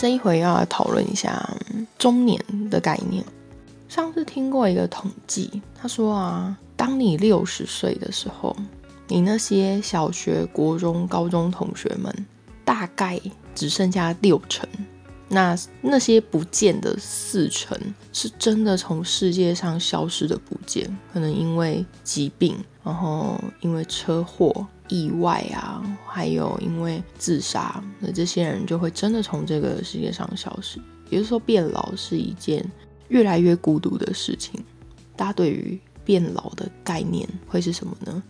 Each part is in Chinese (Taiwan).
這一回要來討論一下中年的概念。上次聽過一個統計，他說啊，當你六十歲的時候，你那些小學、國中、高中同學們，大概只剩下六成。那那些不見的四成是真的從世界上消失的不見，可能因為疾病，然後因為車禍。意外啊，還有因為自殺，那這些人就會真的從這個世界上消失。也就是說，變老是一件越來越孤獨的事情。大家對於變老的概念會是什麼呢？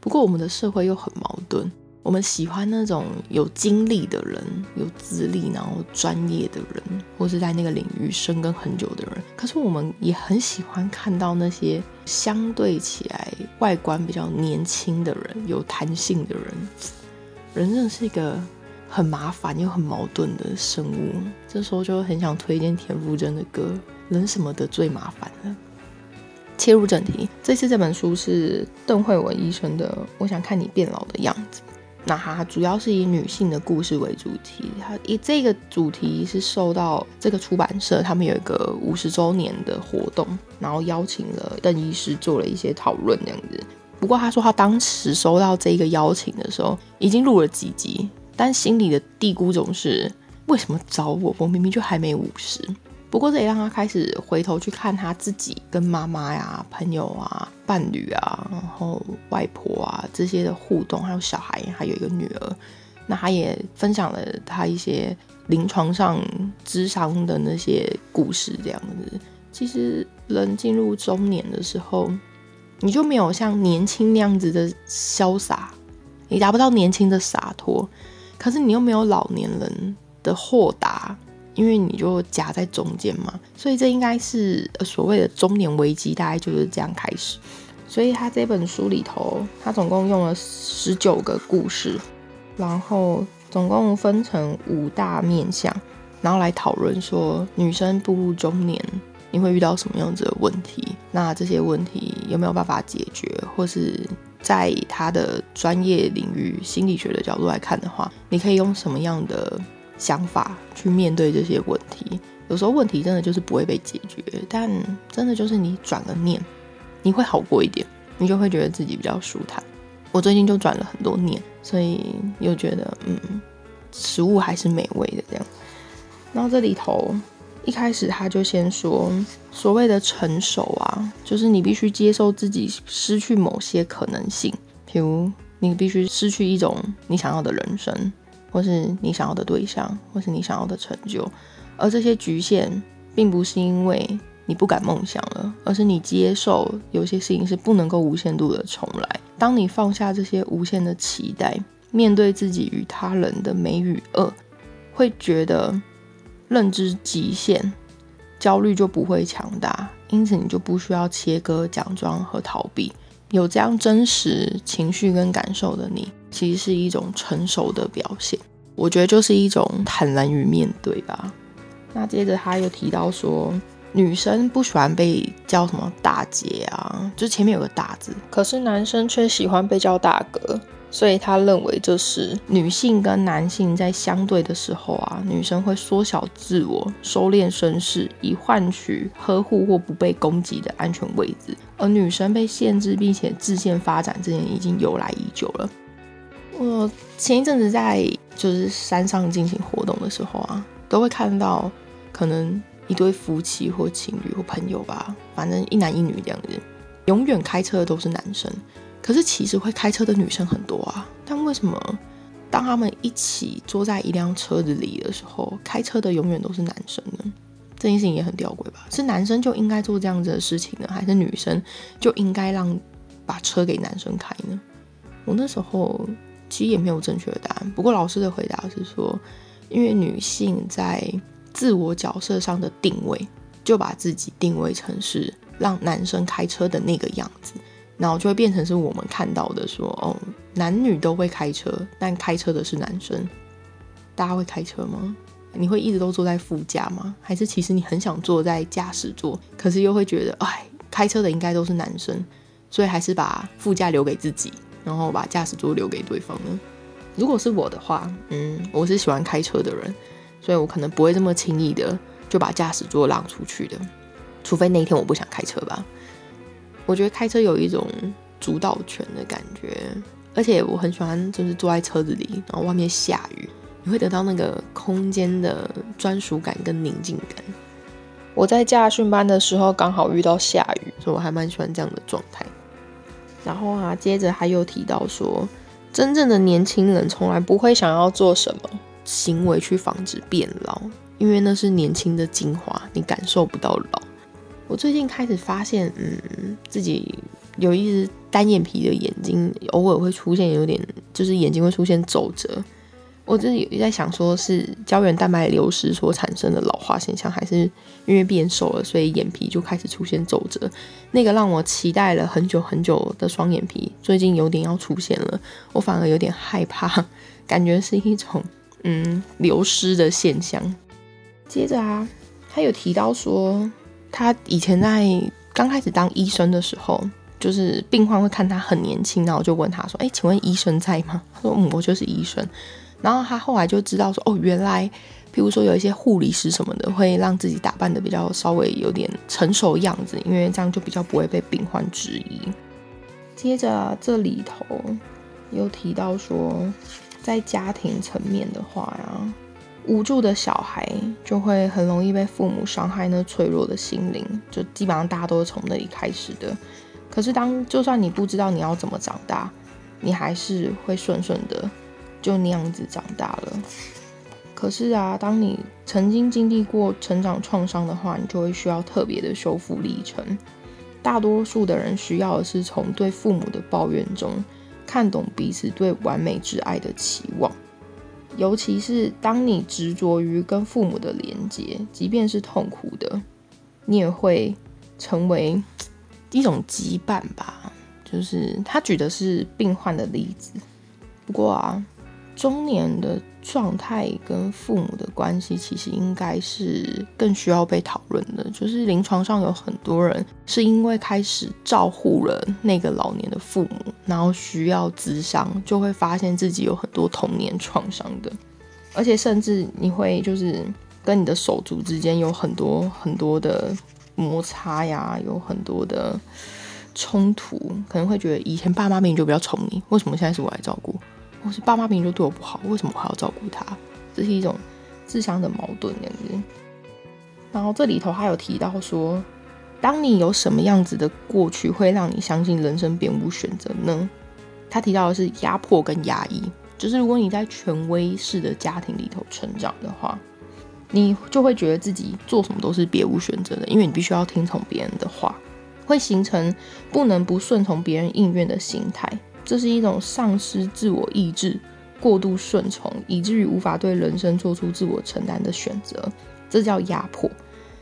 不過我們的社會又很矛盾。我們喜歡，那種有經歷的人，有資歷，然後專業的人，或是在那個領域生根很久的人。可是我們也很喜歡看到那些相對起來外觀比較年輕的人，有彈性的人。人真的是一個很麻煩又很矛盾的生物。這時候就很想推薦田馥甄的歌《人什麼的最麻煩呢》。切入正題，這次這本書是鄧惠文醫生的《我想看你變老的樣子》。那他主要是以女性的故事為主題，他以這個主題是受到這個出版社他們有一個五十周年的活動，然後邀請了鄧醫師做了一些討論這樣子。不過他說他當時收到這個邀請的時候，已經錄了幾集，但心裡的嘀咕總是為什麼找我？我明明就還沒五十。不過這也讓他開始回頭去看他自己跟媽媽呀、朋友啊、伴侶啊、然後外婆啊這些的互動，還有小孩，還有一個女兒。那他也分享了他一些臨床上諮商的那些故事，這樣子。其實人進入中年的時候，你就沒有像年輕那樣子的瀟灑，你達不到年輕的灑脫，可是你又沒有老年人的豁達。因為你就夾在中間嘛，所以這應該是所謂的中年危機，大概就是這樣開始。所以他這本書裡頭，他總共用了十九個故事，然後總共分成五大面向，然後來討論說女生步入中年，你會遇到什麼樣子的問題？那這些問題有沒有辦法解決？或是在他的專業領域心理學的角度來看的話，你可以用什麼樣的想法？去面對這些問題，有時候問題真的就是不會被解決，但真的就是你轉了念，你會好過一點，你就會覺得自己比較舒坦。我最近就轉了很多念，所以又覺得，嗯，食物還是美味的這樣。然後這裡頭一開始他就先說，所謂的成熟啊，就是你必須接受自己失去某些可能性，譬如你必須失去一種你想要的人生。或是你想要的對象，或是你想要的成就，而這些局限，並不是因為你不敢夢想了，而是你接受有些事情是不能夠無限度的重來。當你放下這些無限的期待，面對自己與他人的美與惡，會覺得認知極限，焦慮就不會強大，因此你就不需要切割假裝和逃避。有這樣真實情緒跟感受的你。其實是一種成熟的表現，我覺得就是一種坦然於面對吧、啊。那接着他又提到說，女生不喜歡被叫什麼大姐啊，就是前面有個大字，可是男生卻喜歡被叫大哥，所以他認為這是女性跟男性在相對的時候啊，女生會縮小自我，收斂身勢，以換取呵護或不被攻擊的安全位置，而女生被限制並且自限發展，之前已經由來已久了。我前一陣子在就是山上進行活動的時候啊，都會看到可能一對夫妻或情侶或朋友吧，反正一男一女這樣子，永遠開車的都是男生。可是其實會開車的女生很多啊，但為什麼當他們一起坐在一輛車子裡的時候，開車的永遠都是男生呢？這件事情也很吊詭吧？是男生就應該做這樣子的事情呢，還是女生就應該讓把車給男生開呢？我那時候。其實也沒有正確的答案。不過老師的回答是說，因為女性在自我角色上的定位，就把自己定位成是讓男生開車的那個樣子，然後就會變成是我們看到的說，哦，男女都會開車，但開車的是男生。大家會開車嗎？你會一直都坐在副駕嗎？還是其實你很想坐在駕駛座，可是又會覺得，哎，開車的應該都是男生，所以還是把副駕留給自己。然後把駕駛座留給對方呢？如果是我的話，嗯，我是喜歡開車的人，所以我可能不會這麼輕易的就把駕駛座讓出去的，除非那一天我不想開車吧。我覺得開車有一種主導權的感覺，而且我很喜歡，就是坐在車子裡，然後外面下雨，你會得到那個空間的專屬感跟寧靜感。我在駕訓班的時候剛好遇到下雨，所以我還蠻喜歡這樣的狀態。然後啊，接着他又提到說，真正的年輕人從來不會想要做什麼行為去防止變老，因為那是年輕的精華，你感受不到老。我最近開始發現，嗯，自己有一只單眼皮的眼睛，偶爾會出現有點，就是眼睛會出現皺褶。我就是也在想，說是膠原蛋白流失所產生的老化現象，還是因為變瘦了，所以眼皮就開始出現皺褶。那個讓我期待了很久很久的雙眼皮，最近有點要出現了，我反而有點害怕，感覺是一種嗯流失的現象。接着啊，他有提到說，他以前在剛開始當醫生的時候，就是病患會看他很年輕，然後就問他說：“哎，請問醫生在嗎？”他說：“嗯，我就是醫生。”然後他後來就知道說，哦，原來譬如說有一些護理師什麼的，會讓自己打扮得比較稍微有點成熟的樣子，因為這樣就比較不會被病患質疑。接着啊，這裡頭又提到說，在家庭層面的話啊，無助的小孩就會很容易被父母傷害那脆弱的心靈，就基本上大家都是從那裡開始的。可是當就算你不知道你要怎麼長大，你還是會順順的。就那樣子長大了。可是啊，當你曾經經歷過成長創傷的話，你就會需要特別的修復歷程。大多數的人需要的是從對父母的抱怨中，看懂彼此對完美之愛的期望。尤其是當你執着於跟父母的連接，即便是痛苦的，你也會成為一種羈絆吧。就是他舉的是病患的例子。不過啊。中年的狀態跟父母的關係，其實應該是更需要被討論的。就是臨床上有很多人是因為開始照顧了那個老年的父母，然後需要智商，就會發現自己有很多童年創傷的，而且甚至你會就是跟你的手足之間有很多很多的摩擦呀，有很多的衝突，可能會覺得以前爸媽命就比較寵你，為什麼現在是我來照顧？我是爸媽平時就對我不好，為什麼我還要照顧他？這是一種自相的矛盾這樣子。然後這裡頭他有提到說，當你有什麼樣子的過去，會讓你相信人生別無選擇呢？他提到的是壓迫跟壓抑，就是如果你在權威式的家庭裡頭成長的話，你就會覺得自己做什麼都是別無選擇的，因為你必須要聽從別人的話，會形成不能不順從別人意願的心態。這是一種喪失自我意志、過度順從，以至於無法對人生做出自我承擔的選擇，這叫壓迫。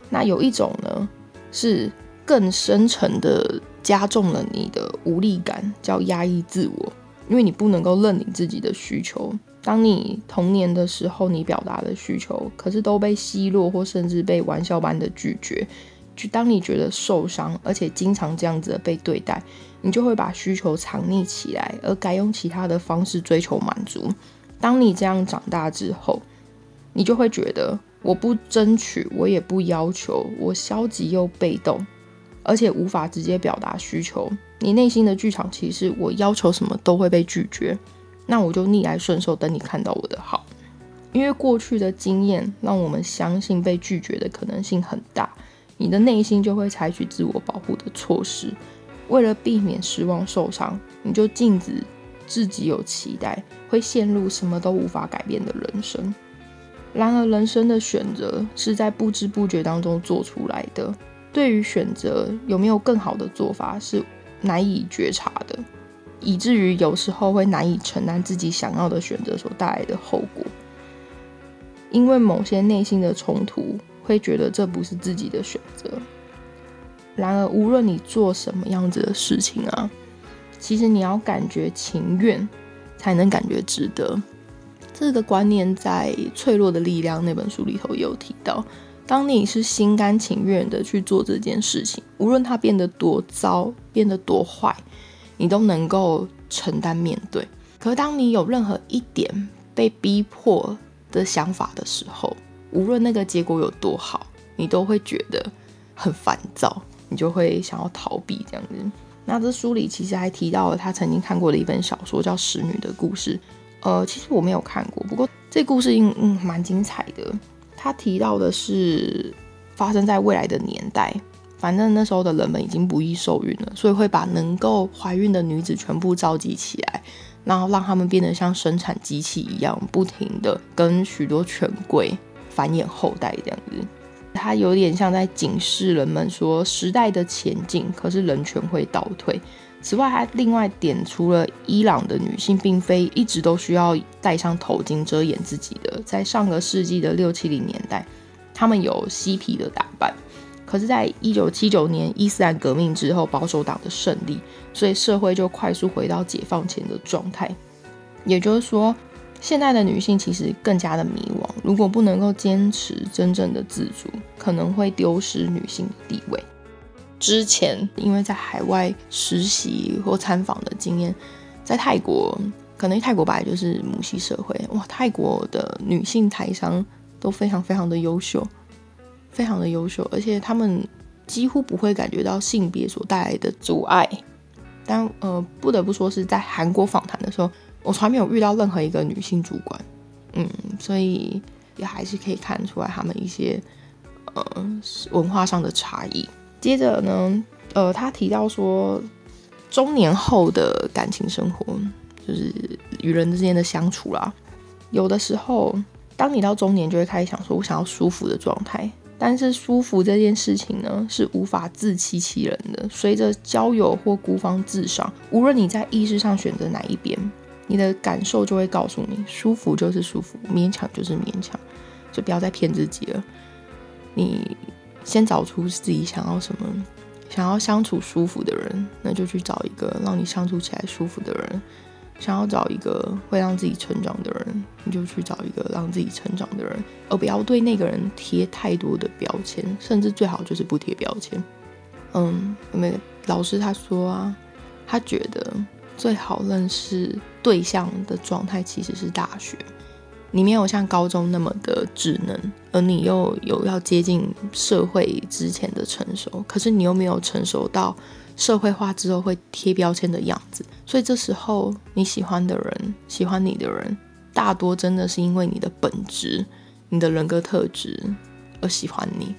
那有一種呢，是更深層的加重了你的無力感，叫壓抑自我，因為你不能夠認你自己的需求。當你童年的時候，你表達的需求，可是都被奚落或甚至被玩笑般的拒絕，就當你覺得受傷，而且經常這樣子被對待。你就會把需求藏匿起來，而改用其他的方式追求滿足。當你這樣長大之後，你就會覺得我不爭取，我也不要求，我消極又被動，而且無法直接表達需求。你內心的劇場其實，我要求什麼都會被拒絕，那我就逆來順受，等你看到我的好。因為過去的經驗讓我們相信被拒絕的可能性很大，你的內心就會採取自我保護的措施。為了避免失望受傷，你就禁止自己有期待，會陷入什麼都無法改變的人生。然而，人生的選擇是在不知不覺當中做出來的。對於選擇，有沒有更好的做法是難以覺察的，以至於有時候會難以承擔自己想要的選擇所帶來的後果。因為某些內心的衝突，會覺得這不是自己的選擇。然而，無論你做什麼樣子的事情啊，其實你要感覺情願，才能感覺值得。這個觀念在《脆弱的力量》那本書裡頭有提到。當你是心甘情願的去做這件事情，無論它變得多糟，變得多壞，你都能夠承擔面對。可當你有任何一點被逼迫的想法的時候，無論那個結果有多好，你都會覺得很煩躁。你就會想要逃避這樣子。那這書裡其實還提到了他曾經看過的一本小說，叫《使女的故事》。呃，其實我沒有看過，不過這故事應嗯蠻精彩的。他提到的是發生在未來的年代，反正那時候的人們已經不易受孕了，所以會把能夠懷孕的女子全部召集起來，然後讓她們變得像生產機器一樣，不停地跟許多權貴繁衍後代這樣子。它有點像在警示人們說時代的前進，可是人權會倒退。此外，還另外點出了伊朗的女性並非一直都需要戴上頭巾遮掩自己的。在上個世紀的六七零年代，他們有嬉皮的打扮。可是，在一九七九年伊斯蘭革命之後，保守黨的勝利，所以社會就快速回到解放前的狀態。也就是說。現在的女性其實更加的迷惘，如果不能夠堅持真正的自主，可能會丟失女性的地位。之前因為在海外實習或參訪的經驗，在泰國，可能泰國本來就是母系社會，哇，泰國的女性台商都非常非常的優秀，非常的優秀，而且她們幾乎不會感覺到性別所帶來的阻礙。但呃，不得不說是在韓國訪談的時候。我從來沒有遇到任何一個女性主管，嗯，所以也還是可以看出來他們一些呃文化上的差異。接着呢，呃，他提到說，中年後的感情生活就是與人之間的相處啦。有的時候，當你到中年，就會開始想說，我想要舒服的狀態。但是舒服這件事情呢，是無法自欺欺人的。隨着交友或孤芳自賞，無論你在意識上選擇哪一邊。你的感受就會告訴你，舒服就是舒服，勉強就是勉強，就不要再騙自己了。你先找出自己想要什麼，想要相處舒服的人，那就去找一個讓你相處起來舒服的人；想要找一個會讓自己成長的人，你就去找一個讓自己成長的人，而不要對那個人貼太多的標籤，甚至最好就是不貼標籤。嗯，有沒有老師他說啊，他覺得。最好認識對象的狀態其實是大學，你沒有像高中那麼的稚嫩，而你又有要接近社會之前的成熟，可是你又沒有成熟到社會化之後會貼標籤的樣子，所以這時候你喜歡的人、喜歡你的人，大多真的是因為你的本質、你的人格特質而喜歡你，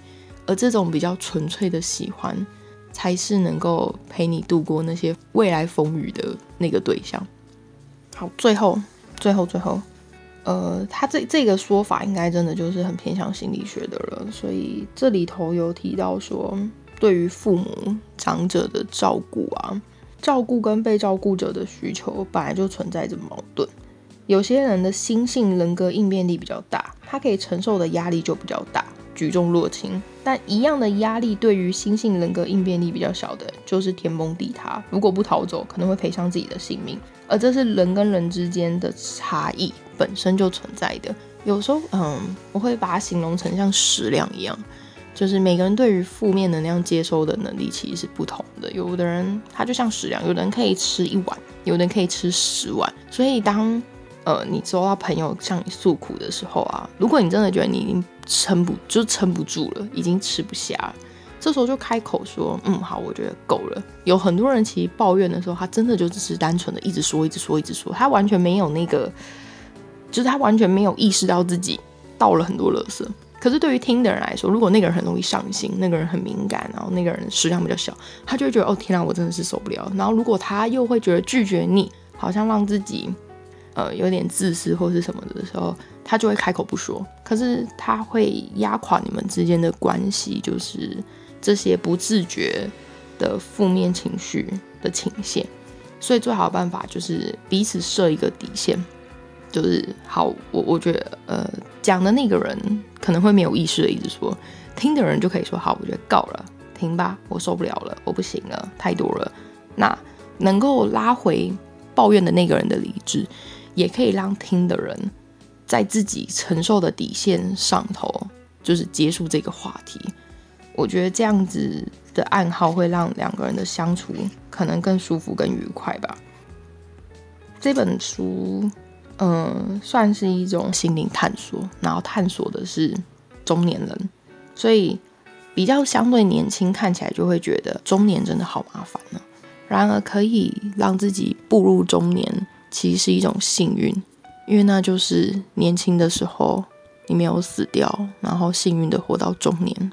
而這種比較純粹的喜歡。才是能夠陪你度過那些未來風雨的那個對象。好，最後，最後，最後，呃，他這這個說法應該真的就是很偏向心理學的了。所以這裡頭有提到說，對於父母長者的照顧啊，照顧跟被照顧者的需求本來就存在着矛盾。有些人的心性、人格應變力比較大，他可以承受的壓力就比較大，舉重若輕。但一樣的壓力，對於心性人格應變力比較小的，就是天崩地塌。如果不逃走，可能會賠上自己的性命。而這是人跟人之間的差異本身就存在的。有時候，嗯，我會把它形容成像食量一樣，就是每個人對於負面能量接收的能力其實是不同的。有的人他就像食量，有的人可以吃一碗，有的人可以吃十碗。所以當呃、嗯，你收到朋友向你訴苦的時候啊，如果你真的覺得你已經撐不就撐不住了，已經吃不下了，這時候就開口說，嗯，好，我覺得夠了。有很多人其實抱怨的時候，他真的就只是單純的一直說，一直說，一直說，他完全沒有那個，就是他完全沒有意識到自己倒了很多垃圾。可是對於聽的人來說，如果那個人很容易上心，那個人很敏感，然後那個人食量比較小，他就會覺得，哦，天啊，我真的是受不了。然後如果他又會覺得拒絕你，好像讓自己。呃，有點自私或是什麼的時候，他就會開口不說。可是他會壓垮你們之間的關係，就是這些不自覺的負面情緒的傾瀉。所以最好的辦法就是彼此設一個底線。就是好，我我覺得，呃，講的那個人可能會沒有意識的一直說，聽的人就可以說，好，我覺得夠了，停吧，我受不了了，我不行了，太多了。那能夠拉回抱怨的那個人的理智。也可以讓聽的人，在自己承受的底線上頭，就是結束這個話題。我覺得這樣子的暗號會讓兩個人的相處可能更舒服、更愉快吧。這本書，嗯，算是一種心靈探索，然後探索的是中年人，所以比較相對年輕，看起來就會覺得中年真的好麻煩呢。然而，可以讓自己步入中年。其實是一種幸運，因為那就是年輕的時候你沒有死掉，然後幸運的活到中年。